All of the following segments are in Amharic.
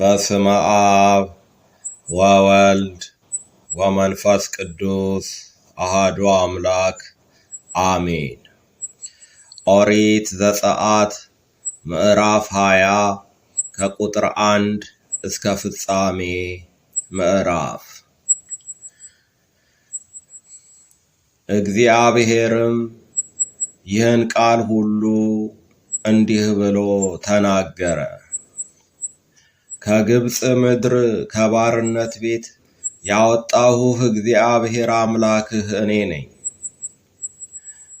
በስመ አብ ወወልድ ወመንፈስ ቅዱስ አሃዱ አምላክ አሜን። ኦሪት ዘጸአት ምዕራፍ ሃያ ከቁጥር አንድ እስከ ፍጻሜ ምዕራፍ እግዚአብሔርም ይህን ቃል ሁሉ እንዲህ ብሎ ተናገረ። ከግብፅ ምድር ከባርነት ቤት ያወጣሁህ እግዚአብሔር አምላክህ እኔ ነኝ።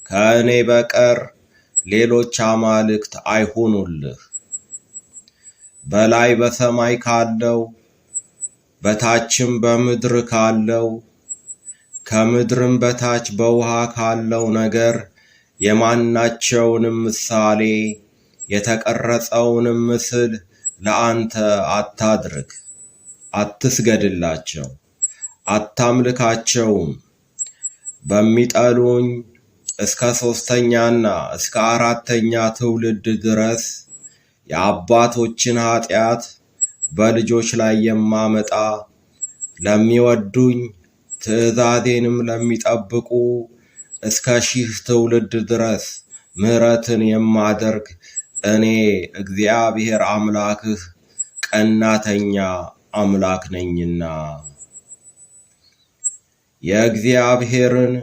ከእኔ በቀር ሌሎች አማልክት አይሁኑልህ። በላይ በሰማይ ካለው በታችም በምድር ካለው ከምድርም በታች በውሃ ካለው ነገር የማናቸውንም ምሳሌ የተቀረጸውንም ምስል ለአንተ አታድርግ፣ አትስገድላቸው፣ አታምልካቸውም። በሚጠሉኝ እስከ ሦስተኛና እስከ አራተኛ ትውልድ ድረስ የአባቶችን ኃጢአት በልጆች ላይ የማመጣ ለሚወዱኝ ትእዛዜንም ለሚጠብቁ እስከ ሺህ ትውልድ ድረስ ምሕረትን የማደርግ እኔ እግዚአብሔር አምላክህ ቀናተኛ አምላክ ነኝና የእግዚአብሔርን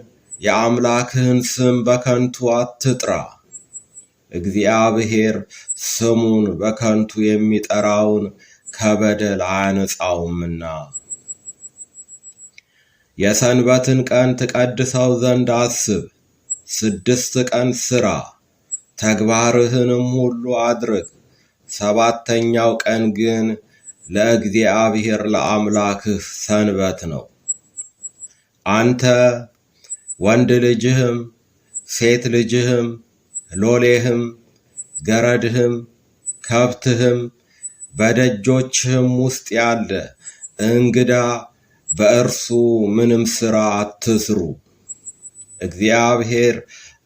የአምላክህን ስም በከንቱ አትጥራ። እግዚአብሔር ስሙን በከንቱ የሚጠራውን ከበደል አያነጻውምና የሰንበትን ቀን ትቀድሰው ዘንድ አስብ። ስድስት ቀን ሥራ ተግባርህንም ሁሉ አድርግ። ሰባተኛው ቀን ግን ለእግዚአብሔር ለአምላክህ ሰንበት ነው። አንተ ወንድ ልጅህም ሴት ልጅህም ሎሌህም ገረድህም ከብትህም በደጆችህም ውስጥ ያለ እንግዳ በእርሱ ምንም ሥራ አትስሩ። እግዚአብሔር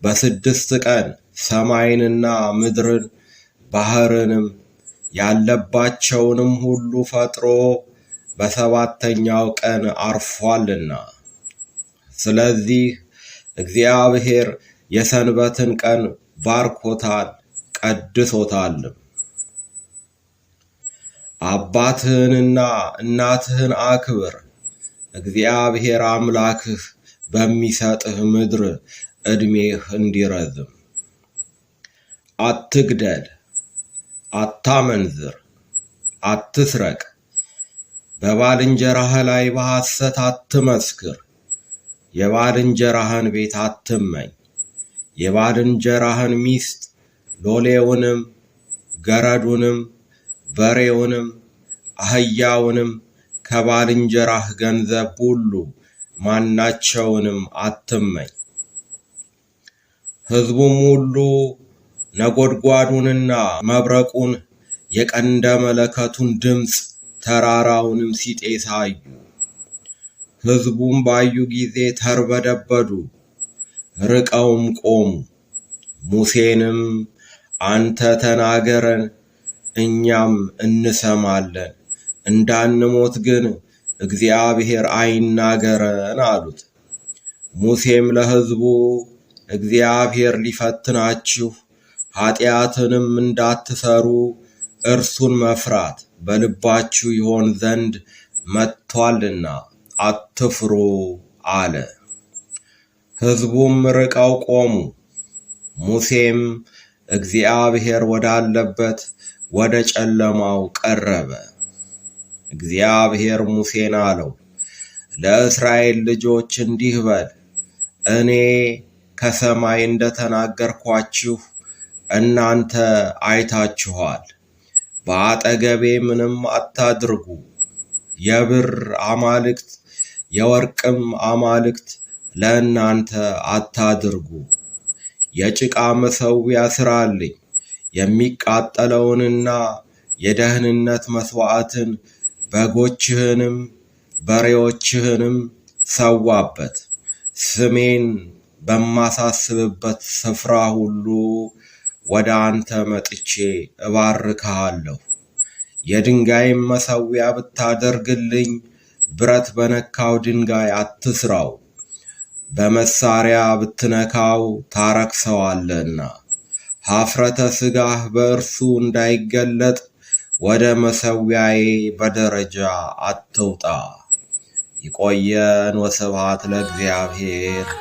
በስድስት ቀን ሰማይንና ምድርን ባህርንም ያለባቸውንም ሁሉ ፈጥሮ በሰባተኛው ቀን አርፏልና። ስለዚህ እግዚአብሔር የሰንበትን ቀን ባርኮታል ቀድሶታልም። አባትህንና እናትህን አክብር፣ እግዚአብሔር አምላክህ በሚሰጥህ ምድር ዕድሜህ እንዲረዝም። አትግደል፣ አታመንዝር፣ አትስረቅ፣ በባልንጀራህ ላይ በሐሰት አትመስክር፣ የባልንጀራህን ቤት አትመኝ፣ የባልንጀራህን ሚስት ሎሌውንም፣ ገረዱንም፣ በሬውንም፣ አህያውንም ከባልንጀራህ ገንዘብ ሁሉ ማናቸውንም አትመኝ። ሕዝቡም ሁሉ ነጎድጓዱንና መብረቁን የቀንደ መለከቱን ድምፅ ተራራውንም ሲጤስ አዩ። ሕዝቡም ባዩ ጊዜ ተርበደበዱ፣ ርቀውም ቆሙ። ሙሴንም አንተ ተናገረን እኛም እንሰማለን፣ እንዳንሞት ግን እግዚአብሔር አይናገረን አሉት። ሙሴም ለሕዝቡ እግዚአብሔር ሊፈትናችሁ ኃጢአትንም እንዳትሰሩ እርሱን መፍራት በልባችሁ ይሆን ዘንድ መጥቷልና አትፍሩ አለ። ሕዝቡም ርቀው ቆሙ። ሙሴም እግዚአብሔር ወዳለበት ወደ ጨለማው ቀረበ። እግዚአብሔር ሙሴን አለው፣ ለእስራኤል ልጆች እንዲህ በል እኔ ከሰማይ እንደተናገርኳችሁ እናንተ አይታችኋል። በአጠገቤ ምንም አታድርጉ። የብር አማልክት የወርቅም አማልክት ለእናንተ አታድርጉ። የጭቃ መሠዊያ ሥራልኝ፣ የሚቃጠለውንና የደህንነት መሥዋዕትን በጎችህንም በሬዎችህንም ሰዋበት። ስሜን በማሳስብበት ስፍራ ሁሉ ወደ አንተ መጥቼ እባርክሃለሁ። የድንጋይም መሠዊያ ብታደርግልኝ ብረት በነካው ድንጋይ አትስራው፣ በመሳሪያ ብትነካው ታረክሰዋለና ሀፍረተ ሥጋህ በእርሱ እንዳይገለጥ ወደ መሠዊያዬ በደረጃ አትውጣ። ይቆየን። ወስብሐት ለእግዚአብሔር።